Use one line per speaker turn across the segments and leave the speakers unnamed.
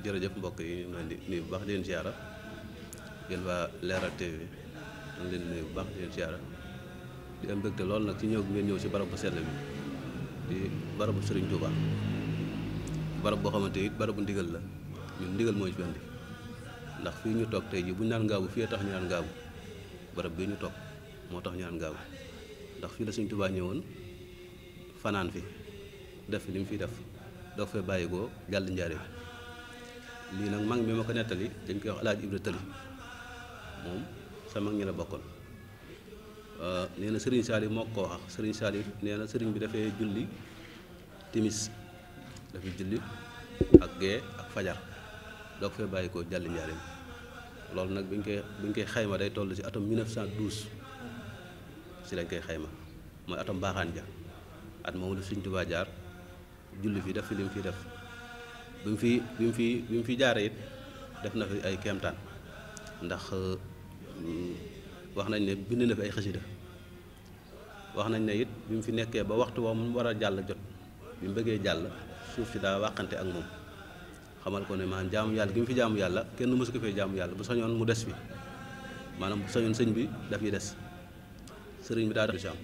jërëjëf mbokk yi maa ngi nuyu bu baax di leen ziara yéen waa Leral TV maa leen nuyu bu baax di leen ziara di am mbégte lool nag ci ñëw gi ngeen ñëw ci barab bu sell bi di barabu Serigne Touba barab boo xamante it barabu ndigal la ñun ndigal mooy ci ndax fii ñu toog tey ji bu ñu naan ngaabu fii tax ñu naan ngaabu barab bii ñu toog moo tax ñu naan ngaabu ndax fii la Sëñ Tuubaa ñëwoon fanaan fi def li mu fi def doo fee bàyyi ko jàll njaareem lii nag mag mi ma ko nettali dañ koy wax alaaj Ibra Tëli moom sa mag ñi la bokkoon euh, nee na Serigne Saliou moo ko wax Serigne Saliou nee na sëriñ bi dafay julli timis dafay julli ak gee ak fajar. doog fee bàyyi koo jàll njaareem loolu nag bi ñu koy bi koy xayma day toll ci atum 1912 ci lañ koy xayma mooy atum baaxaan ja at moom la Sëriñ Tuubaa jaar julli fi def fi li mu fi def bi mu fi bi mu fi bi mu fi jaaree def na fi ay keemtaan ndax mm, wax nañ ne bind na fi ay xasida wax nañ ne it bi mu fi nekkee ba waxtu woo mu war a jàll jot bi mu bëggee jàll suuf si daa wàqante ak moom xamal ko ne maanaam jaamu yàlla gi mu fi jaamu yàlla kenn mësu ko fee jaamu yàlla bu sañoon mu des fi maanaam bu sañoon sëñ bi daf yi des sëriñ bi daa def jàmm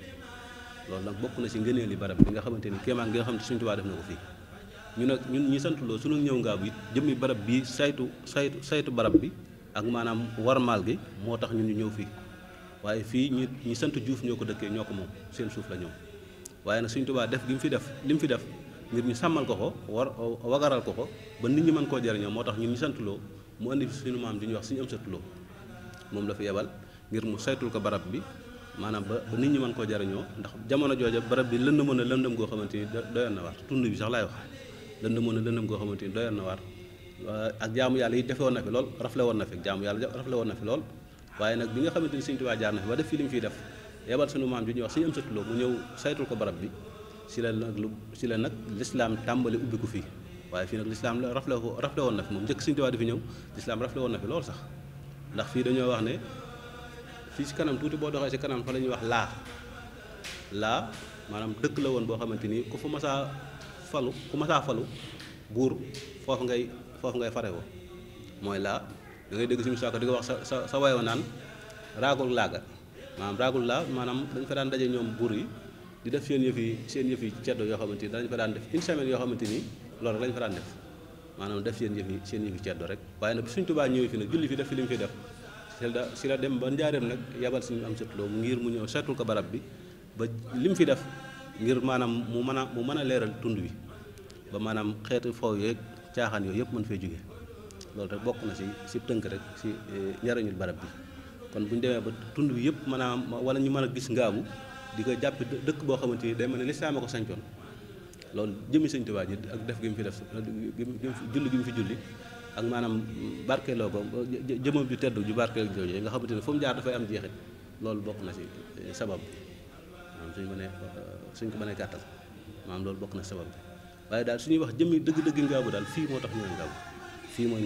loolu nag bokk na ci ngëneel yi barab bi nga xamante ni kéemaan gi nga xam ne Sëriñ Tuubaa def na ko fii ñu nag ñun ñi santuloo sunu ñëw ngaa bu it jëmmi barab bii saytu saytu saytu barab bi ak maanaam warmaal gi moo tax ñun ñu ñëw fii waaye fii ñu ñi sant Juuf ñoo ko dëkkee ñoo ko moom seen suuf la ñoom waaye nag Sëriñ def gi mu fi def li mu fi def ngir ñu sàmmal ko ko war wagaral ko ko ba nit ñu mën koo jariñoo moo tax ñu ñu santuloo mu indi suñu maam di ñu wax suñu am satuloo moom la fi ngir mu saytul ko barab bi maanaam ba nit ñi mën koo jariñoo ndax jamono jooja barab bi lënd mën a lëndëm goo xamante ni doyoon na waar tund bi sax laay wax mën a lëndëm goo xamante ni doyoon na waar ak jaamu yàlla yi defe woon na lool rafle woon na fi jaamu yàlla rafle woon na fi lool waaye nag bi nga xamante ni Sëñ Tuubaa jaar na fi ba fi def yebal suñu maam ji ñuy wax suñu am satuloo mu ñëw saytul ko barab bi si la nag lu si la nag lislaam tàmbali ubbi ko fii waaye fii nag lislaam la rafle rafle woon na fi moom njëkk Sëñ Tuubaa di fi ñëw lislaam rafle woon na fi loolu sax ndax fii dañoo wax ne fii si kanam tuuti boo doxee si kanam fa la ñuy wax laa laa maanaam dëkk la woon boo xamante ni ku fa masaa falu ku masaa falu buur foofu ngay foofu ngay fare woo mooy laa da dégg suñu saako di ko wax sa sa sa wayoo naan raagul laaga maanaam raagul laa maanaam dañ fa daan daje ñoom yi di def seen yëf yi seen yëf ceddo yoo xamante ni danañ fa daan def une semaine yoo xamante ni loolu rek lañ fa daan def maanaam def seen yëf yi seen yëf yi ceddo rek waaye nag suñ tubaa ñëwee fi nag julli fi def fi li fi def si la si la dem ba njaareem nag yabal suñu am sëtloo ngir mu ñëw seetul ko barab bi ba li mu fi def ngir maanaam mu mën a mu mën a leeral tund wi ba maanaam xeetu foow yeeg caaxaan yooyu yëpp mën fee jóge loolu rek bokk na si si tënk rek si eh, njariñul barab bi kon bu ñu ba tund bi yëpp maanaam wala ñu mën a gis ngaabu di ko jàpp dëkk boo xamante ni day man ne lislaam saama ko sañcoon loolu jëmmi sëñ Tuubaa ji ak def gi fi def julli gi mu fi julli ak maanaam barkeeloo ko jëmam ju tedd ju barkeel jooju nga xamante ne fu jaar dafay am jeexit loolu bokk na si eh, sabab bi maanaam suñ mënee eh, suñ ko mënee gàttal maanaam loolu bokk na sabab bi waaye daal suñuy wax jëmmi dëgg-dëgg ngaabu daal fii moo tax ñu ne ngaabu fii mooy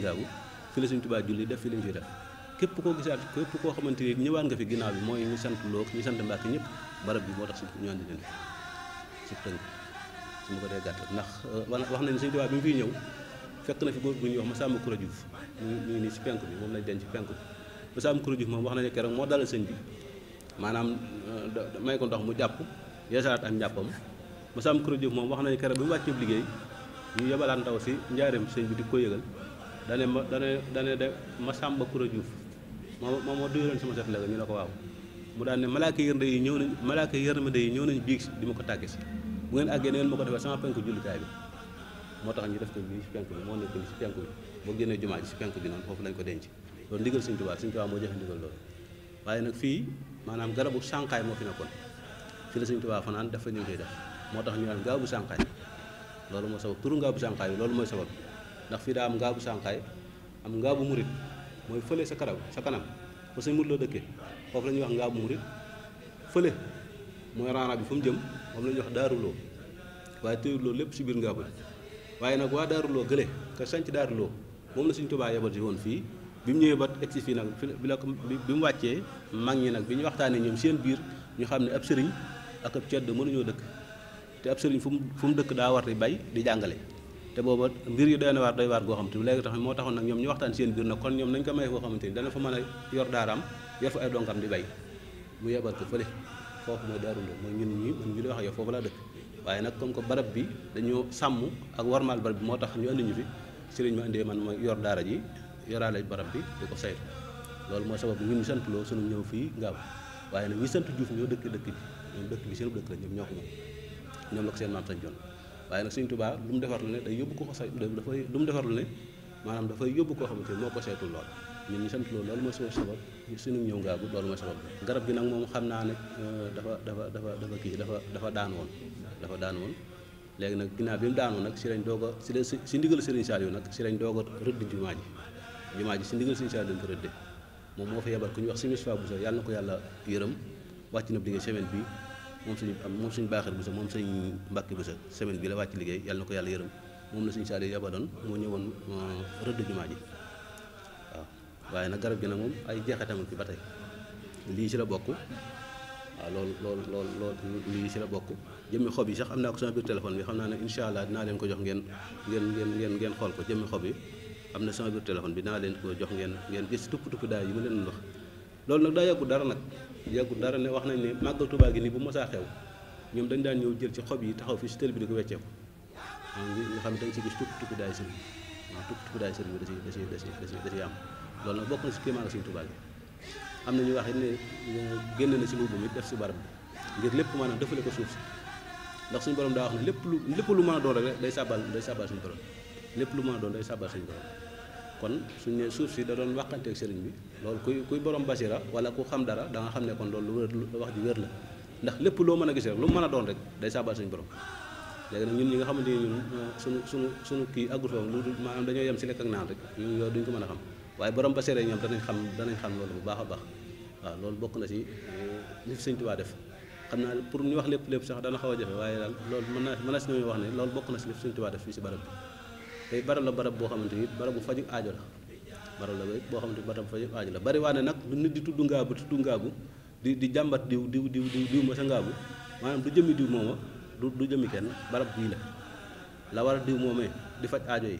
la suñ Tuubaa julli def fi li fi def képp koo gisaat képp koo xamante ni ñëwaat nga fi ginnaaw bi mooy ñu sant loog ñu sant Mbàkke ñëpp barab bi moo tax si ñu andi leen ci tënk su ma ko dee gàttal ndax euh, wax nañ suñu tubaab bi mu fiy ñëw fekk na fi góor bu ñuy wax ma Kura Juuf mu ngi penk bi moom lañ denc ci penk bi Masamba Juuf moom wax na ne moo dalal sëñ bi maanaam euh, may ko ndox mu jàpp yeesalaat am njàppam Masamba Kura Juuf moom wax na ne keroog bi mu wàccee liggéey ñu yebalaat ndaw si njaareem sëñ bi di ko yëgal dane ma dane dane de Masamba Kura Juuf moom moo ma duyaloon sama set léegi ñu ne ko waaw mu daal ne malaaka yërmande yi ñëw nañ malaaka yërmande yi ñëw nañ biig di ma ko tàgge si bu ngeen àggee na ngeen ma ko defee sama penku jullikaay bi moo tax ñu def ko bii si penku bi moo nekk nii si penku bi boo génnee jumaa ji si penku bi noonu foofu ko denc loolu ndigal Sëñ Tuubaa Sëñ Tuubaa moo waaye nag fii maanaam garabu sànqaay moo fi nekkoon fi la Sëñ Tuubaa fanaan dafa ñu koy def moo tax ñu naan gaabu sànqaay loolu moo sabab turu ngaabu sànqaay bi loolu mooy sabab ndax fii daa am ngaabu sànqaay am ngaabu murit mooy fële sa karaw sa kanam fa sëñ Modou Lo dëkkee foofu la ñuy wax Ngaabu Murid fële mooy raana bi fa mu jëm moom la ñuy wax Daaru Lo waaye téyul lépp si biir Ngaabu waaye nag waa Daaru Lo gële te sanc Daaru Lo moom la suñ Tuubaa yebal si woon fii bi mu ñëwee ba egg si fii nag bi la bi mu wàccee mag ñi nag bi ñu waxtaanee ñoom seen biir ñu xam ne ab sëriñ ak ab cedd mënuñoo dëkk te ab sëriñ fu mu fu mu dëkk daa war di bay di jàngale te booba mbir yu doy na waar doy waar goo xamante ni léegi tax moo taxoon nag ñoom ñu waxtaan seen biir nag kon ñoom nañ ko may a yor daaraam yor fa ay di bay mu yebal ko fële foofu mooy Daaru Ndoy mooy ñun ñi ñu di wax foofu laa dëkk waaye nag comme que barab bi dañoo sàmm ak warmaal barab bi moo tax ñu andi ñu fi sëriñ ma indee man ma yor daara ji yoraale barab bi di ko saytu loolu moo sabab ñun ñu sant loo sunu ñëw fii ngaaw waaye nag ñi sant Juuf ñoo dëkk dëkk bi ñoom bi seen dëkk ñoo ko moom ñoom la ko seen maam sañ joon waaye nag suñ Tuubaa lu mu defar lu ne day ko xosay dafay lu mu defar lu ne maanaam dafay yóbbu koo xamante ni moo ko saytul lool ñun ñu sant loolu loolu mooy sama sabab suñu ñëw ngaagu loolu mooy sabab garab gi nag moom xam naa ne euh, dafa dafa dafa dafa kii dafa dafa daan woon dafa daan woon léegi nag ginaar bi mu daanoon nag si lañ doog a si la si ndigal Serigne Saliou nag si lañ doog a rëdd jumaa ji jumaa ji si ndigal Serigne Saliou dañ ko moom moo fa yebal ku ñu wax simis fa bu sa yàlla na ko yàlla yërëm wàcc na bi nga semaine bi moom suñu am moom suñu baaxee bu sa moom suñ mbàkki bu sa semaine bi la wàcc liggéey yàlla na ko yàlla yërëm moom la suñu saali yabaloon moo ñëwoon euh, rëdd jumaa ji waaw waaye nag garab gi nag moom ay jeexitamul ci ba tey lii si la bokk waaw loolu loolu loolu loolu lii ci la bokk jëmmi xob yi sax am naa ko sama biir téléphone bi xam naa ne incha allah dinaa leen ko jox ngeen ngeen ngeen ngeen ngeen xool ko jëmmi xob yi am na sama biir téléphone bi dinaa leen ko jox ngeen ngeen gis tupp tupp daay yi ma leen wax yàggul dara ne wax nañ ne màggal Tuubaa gi nii bu mosaa xew ñoom dañ daan ñëw jël ci xob yi taxaw fi si tël bi di ko weccee ko nga xam ne dañ si gis tukki tukki daay sëriñ waaw tukki tukki daay sëriñ bi da si da si da am loolu nag bokk na si kéemaan Sëriñ Tuubaa gi am na ñu wax ne euh, génn na si mbubb mi def si barab bi ngir lépp maanaam defale ko suuf si ndax suñu borom daa wax ne lépp lu lépp lu mën a doon rek day sàbbal day sàbbal suñu borom lépp lu mën doon day sàbbal suñu borom kon suñ ne suuf si da doon waxanteeg sëriñ bi loolu kuy kuy borom basira wala ku xam dara danga xam ne kon loolu lu wér wax ji wér la ndax lépp loo mën a gis rek mën a doon rek day saabal suñu borom léegi nag ñun ñi nga xamante ne euh, suñu suñu suñu kii agul foofu maanaam dañoo yem si lekk ak naan rek ñun yooyu mën a xam waaye borom basira ñoom danañ xam danañ xam loolu bu baax a baax waaw loolu bokk na si euh, li fi sëñ Tuubaa def xam naa pour ñu wax lépp lépp sax dana xaw a jafe waaye daal loolu mën na mën na si ñoo wax ne loolu bokk na si li fi sëñ Tuubaa def fii si barab bi tey barab la barab boo xamante ni bu faju ajo la barab la boo xamante ni barab faju aajo la bari waa ne nag lu nit di tudd ngaabu tudd ngaabu di jàmbat diw diw diw ma sa ngaabu du jëmi diw mooma du du jëmi kenn barab bii la la war a diw moomee di faj aajo yi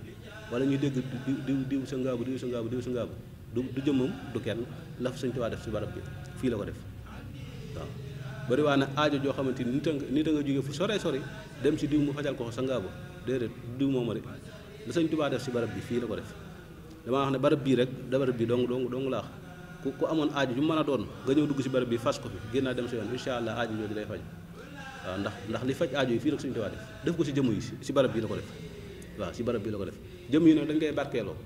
wala ñu dégg diw diw diw sa ngaabu diw sa ngaabu diw sa du kenn la fa Sëñ def si barab bi fii la ko def waaw bari waa na joo xamante ni nit a nga nit a nga jóge fu sore sori dem si diw mu fajal ko sa ngaabu déedéet diw mooma de la sëñ Tuubaa si barab bi fii la ko def damaa wax ne barab bii rek da barab bi dong dong dong laax ku ku amoon aaju ju man a doon nga ñëw dugg si barab bi fas ko fi génnaa dem si yoon incha allah aaju jooju lay faj waaw ndax ndax li faj aaju yi fii la ko sëñ def ko si jëmm yi si barab bi la ko def waaw si barab bii la ko def jëmm yi nag dañ koy barkeeloo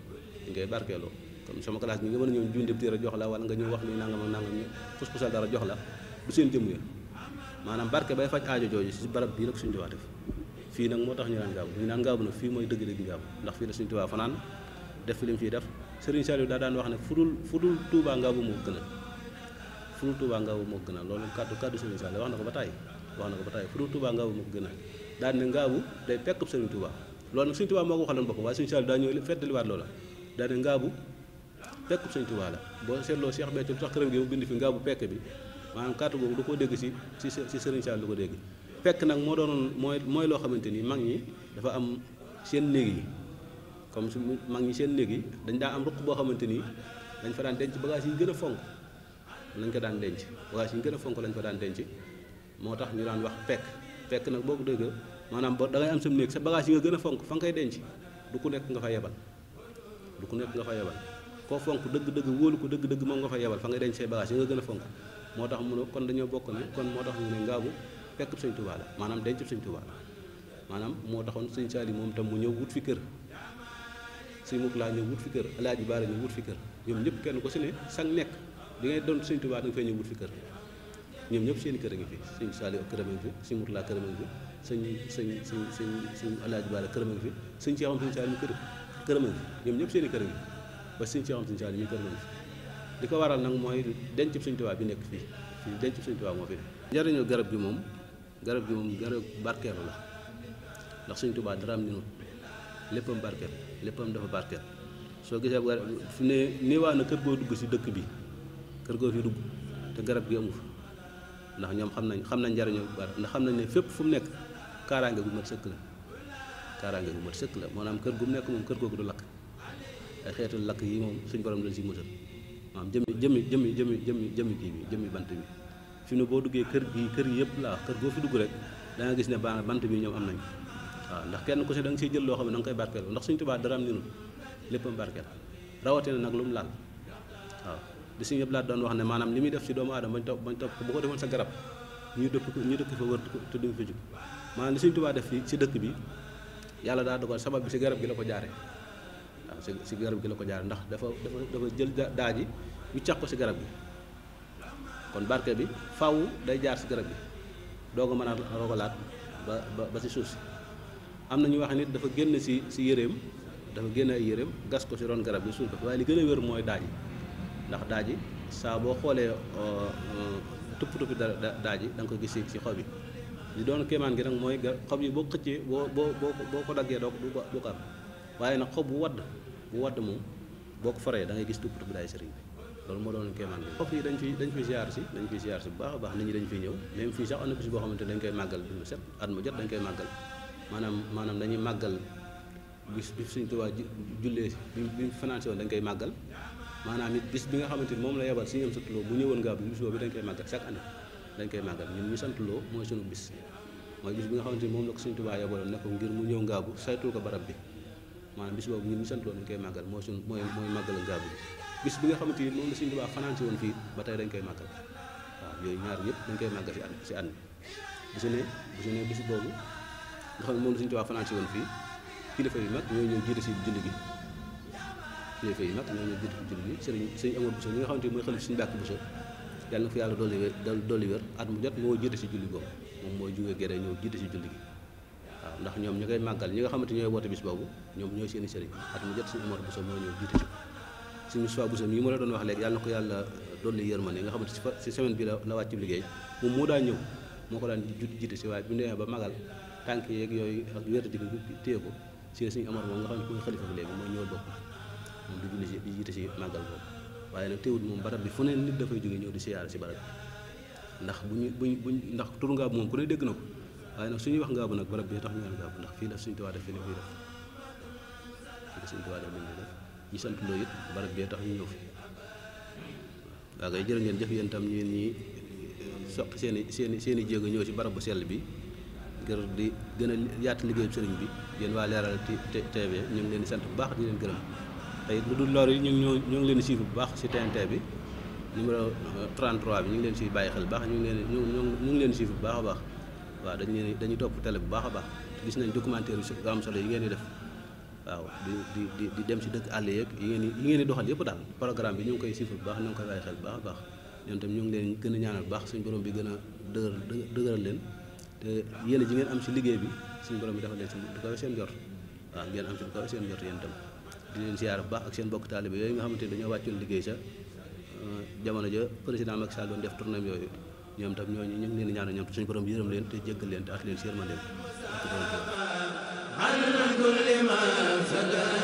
dañ koy comme sama classe bi a ñëw juñ a jox nga ñëw wax ni nangam ak nangam ñu la du maanaam barke bay faj aajo jooju si barab bii la ko sëñ Tuubaa def fii nag moo tax ñu naan ngaabu ñu naan ngaabu nag fii mooy dëgg-dëgg ngaabu ndax fii la suñu Tuubaa fanaan def fi li fiy def Serigne Saliou daa daan wax ne fudul fudul Tuubaa ngaabu moo gënal fudul Tuubaa ngaabu moo gënal loolu kàddu kàddu Serigne Saliou wax na ko ba tàyyi wax na ko ba tàyyi fudul Tuubaa ngaabu moo gënal daan ne ngaabu day pekkub loolu nag moo ko waxaloon boppam waaye Serigne Saliou daa ñëw feddaliwaat loola daan ne ngaabu pekkub Serigne la boo seetloo Cheikh Béthio lu tax këram gi mu bind fi pekk bi maanaam kàddu boobu du ko dégg si si Serigne Saliou du ko dégg fekk nag moo doon mooy mooy loo xamante ni mag ñi dafa am seen néeg yi comme su mu mag ñi seen néeg yi dañ daa am ruq boo xamante ni dañ fa daan denc bagage yi gën a fonk lañ ko daan denc bagage yi gën a fonk lañ fa daan denc moo tax ñu daan wax pekk pekk nag boo ko dëgg maanaam ba da ngay néeg sa bagage yi nga gën a fonk fa ngay denc du ku nekk nga fa yebal du ku nekk nga fa yebal koo fonk dëgg-dëgg wóolu ko dëgg-dëgg moom nga fa yebal fa ngay denc say bagage yi nga gën a fonk moo tax mu ne kon dañoo bokk ne kon moo tax ñu ne ngaabu fekkub sëñ Tuubaa la maanaam dencub sëñ Tuubaa la maanaam moo taxoon sëñ Saali moom tam mu ñëw wut fi kër sëñ Murtala ñëw wut fi kër Alaaji Baara ñëw wut fi kër ñoom ñëpp kenn ko si ne sang nekk di doon sëñ Tuubaa da nga fay fi kër ñoom ñëpp seen kër a ngi fi sëñ Saali këram a ngi fi sëñ Murtala këram a ngi fi sëñ sëñ sëñ sëñ sëñ Alaaji Baara këram a ngi fi sëñ Seexam kër a ngi fi ñoom ñëpp seen kër ba sëñ Seexam sëñ Saali mi këram li ko waral nag mooy dencub sëñ Tuubaa bi nekk fii fii dencub sëñ Tuubaa moo fi njëriñu garab gi moom garab gi moom garab barkeelu la ndax suñ tubaat dara am ñunut léppam barkeel léppam dafa barkeel soo gisee ab garab ne néewaa kër koo dugg si dëkk bi kër goo fi dugg te garab gi amu ndax ñoom xam nañ xam nañ njariñoo bu ndax xam nañ ne fépp fu mu nekk kaaraange gu mat sëkk la kaaraange gu mat sëkk la maanaam kër gu mu nekk moom kër kooku du lakk ay xeetu lakk yi moom suñ borom lañ si musal maanaam jëmi jëmi jëmi jëmi jëmi jëmi kii bi jëmi bant bi fi ne boo duggee kër gi kër gi yëpp laa kër goo fi dugg rek da gis ne baa bant bi ñoom am nañ waaw ndax kenn ku si da nga siy jël loo xam ne da nga koy barkeel ndax suñu tubaab dara am ninu léppam barkeel rawatina nag lu mu laal waaw di suñu laa doon wax ne maanaam li muy def si doomu aadama bañ topp bañ topp bu ko defoon sa garab ñu dëkk ñu dëkk fa wër te duñ fa jug maanaam suñu tubaab def fi si dëkk bi yàlla daa dogal sabab bi si garab gi la ko jaare waaw si si garab gi la ko jaare ndax dafa dafa dafa jël daa ji yu càq ko si garab gi kon barke bi faw day jaar si garab bi doog a mën a rogalaat ba ba si suuf si am na ñu wax nit dafa génn si si yëreem dafa génn ay yëreem gas ko ci ron garab bi suuf ko waaye li gën a wér mooy daaji ndax daaji saa boo xoolee euh, euh, tupp da daaji da nga ko gis si si xob yi doon kéemaan gi nag mooy xob yi boo xëccee boo boo boo ko daggee doo ko du am waaye nag xob bu wadd bu wadd moom boo faree da ngay gis tupp tuppi daay sëriñ bi loolu moo doon kéemaan bi foofu yi dañ fi dañ fi ziar si dañ fi ziar si bu baax a baax nit ñi dañ fiy ñëw même fii sax am bis boo xamante dañ koy màggal bis set at mu jot dañ koy màggal maanaam maanaam dañuy màggal bis bi Sëñ Tuubaa jullee bi bi financé woon dañ koy màggal maanaam it bis bi nga xamante ni moom la yebal suñu bu ñëwoon nga bis boobu dañ koy màggal chaque koy màggal ñun ñu santuloo mooy bis mooy nga xamante ni moom la ko Sëñ Tuubaa yebaloon ne mu ñëw ngaabu saytul ko barab bi maanaam bis boobu ñun ñu santuloo dañ koy màggal mooy sunu mooy mooy màggal ngaabu bi bis bi nga xamante ni moom la Sëriñ Tuubaa fanaan si woon ba tey dañ koy màggal waaw ñaar yëpp dañ koy màggal si at si at mi bisu ne bisu ne bisu boobu nga xam ne woon fii kilifa yu mag ñooy ñëw si julli gi kilifa yu mag ñooy ñëw jiite si julli gi sëriñ sëriñ Amadu Buso ñi nga xamante ni mooy xalif Sëriñ Mbàkke Buso yàlla na fi yàlla moo jiite si julli boobu moom mooy jógee géree ñëw jiite si julli gi waaw ndax ñoom ñu koy màggal ñi nga xamante ñooy woote bis boobu ñoom ñooy seeni sëriñ at mu jot Sëriñ Amadu Buso mooy ñëw jiite si suñ Moustapha Bousso mii ma la doon wax léegi yàlla ko yàlla dolli yërmande nga xamante si semaine bi la la wàcc liggéey moom moo daan ñëw moo ko daan jut jiite si waaye bu ñu demee ba yeeg yooyu ak wéradi bi ko si suñu amar moom nga xam ne mooy xalifa bi léegi mooy ñëw bokk du julli si si màggal boobu waaye nag teewul moom barab bi fu ne nit dafay jóge ñëw di siyaare si barab ndax bu ñu buñ buñ ndax tur ngaabu moom ku ne dégg na ko waaye nag suñuy wax ngaabu nag barab bi tax ñu naan ngaabu ndax fii la suñu tuwaa def fii la waa def fii la suñu tuwaa def lañuy def ñu sant Ndoye it barab bee tax ñu ñëw fi waaw kay jërë ngeen jëf yéen tam ñeen ñi soq seen i seen i seen i jéego ñëw ci barab bu sell bi ngir di gën a yaatu liggéeyu sëriñ bi yéen waa Leral TV ñu ngi leen di sant bu baax di leen gërëm tey lu dul loolu yi ñu ngi ñu ngi leen di suivre bu baax ci TNT bi numéro 33 euh, bi ñu ngi leen ci bàyyi xel bu baax ñu ngi leen ñu ngi leen di suivre bu baax a baax waaw dañu leen dañuy topp télé bu baax a baax gis nañ documentaire yu am solo yi ngeen di def waaw di di di dem ci dëkk àll yeeg yi ngeen yi ngeen di doxal yëpp daal programme bi ñu ngi koy siifal bu baax ñu ngi koy bàyyi xel baax baax ñoom tam leen gën a ñaanal baax suñu borom bi leen te yéen ji ngeen am ci liggéey bi suñu borom bi dafa leen ci du seen jot waaw ngeen am ci du ko seen jot tam di leen siyaar bu baax ak seen bokk taalibe yooyu nga xamante ne dañoo wàccoon liggéey sa euh, jamono ja président Macky Sall doon def tournée yooyu ñoom tam ñooñu ñu ngi leen di ñaanal ñoom suñu borom bi yërëm leen te jéggal leen te at leen sérma leen sada